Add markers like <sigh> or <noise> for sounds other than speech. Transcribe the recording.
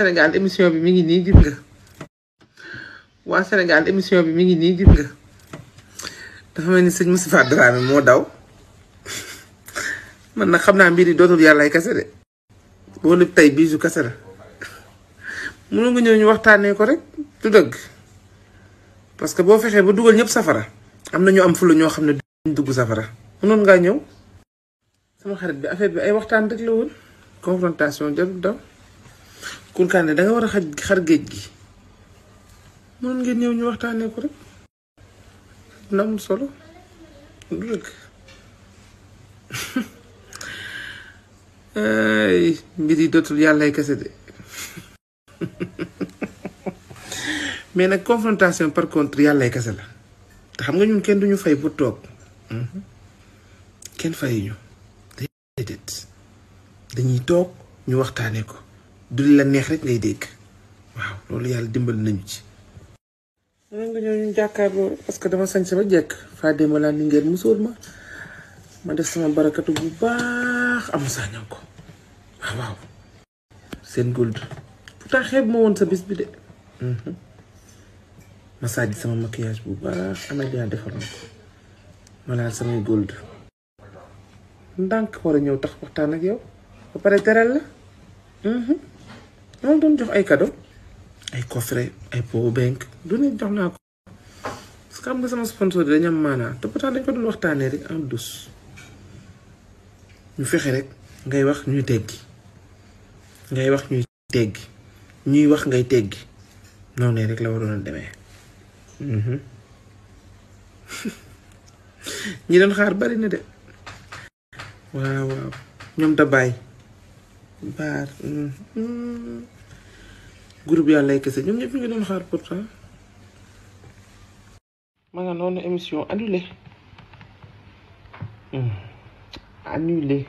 Sénégal émission bi mi ngi nii gis nga émission bi mi ngi nii gis dafa mel ni sëñ Moustapha Dramé moo daw man nag xam naa mbir yi dootul yàlla ay kase de boo lépp tey bisu kase la mënu nga ñëw ñu waxtaanee ko rek du dëgg parce que boo fexee ba dugal ñëpp safara am na ñu am fula ñoo xam ne dugg safara mënoon ngaa ñëw sama xarit bi affaire bi ay waxtaan rek la woon confrontation jarul daw Koukandé da war a xaj xar géej gi mënoon ngeen ñëw ñu waxtaanee ko rek na solo du dëgg mbir yi dootul yàllay kese de mais nag confrontation par contre yàllay kese la te xam nga ñun kenn duñu fay pour toog mhm. kenn fayuñu déedéet dañuy toog ñu waxtaanee ko. du li la neex rek ngay dégg waaw loolu yàlla dimbal nañu ci. danañ nga ñëw ñu jàkkaarloo parce que dama sañ sama jekk faa démb laa ni ngeen musóor ma ma def sama barakatu bu baax amu saa ko waaw waaw. seen gold pourtant xeeb ma woon sa bis bi de. Mhm. ma sàjj sama maquillage bu baax Amadyar defaroon ko ma laal samay gold. ndànk war a ñëw tax waxtaan ak yow ba pare teral la. Mhm. dama doon jox ay cadeau ay coffret ay power bank du ne jox naa ko parce xam nga sama sponsor dañu am maanaa te pourtant dañ ko doon waxtaanee rek en douce ñu fexe rek ngay wax ñuy teggi ngay wax ñuy teggi ñuy wax ngay teggi noonu rek la waroon a demee mhm. <laughs> ñi doon xaar bari na de waaw waaw ñoom da baar mm, mm. groupe yàlla lay kese ñoom ñëpp ñu ngi doon xaar pourtant. ma nga noonu émission annulée mm. annulée.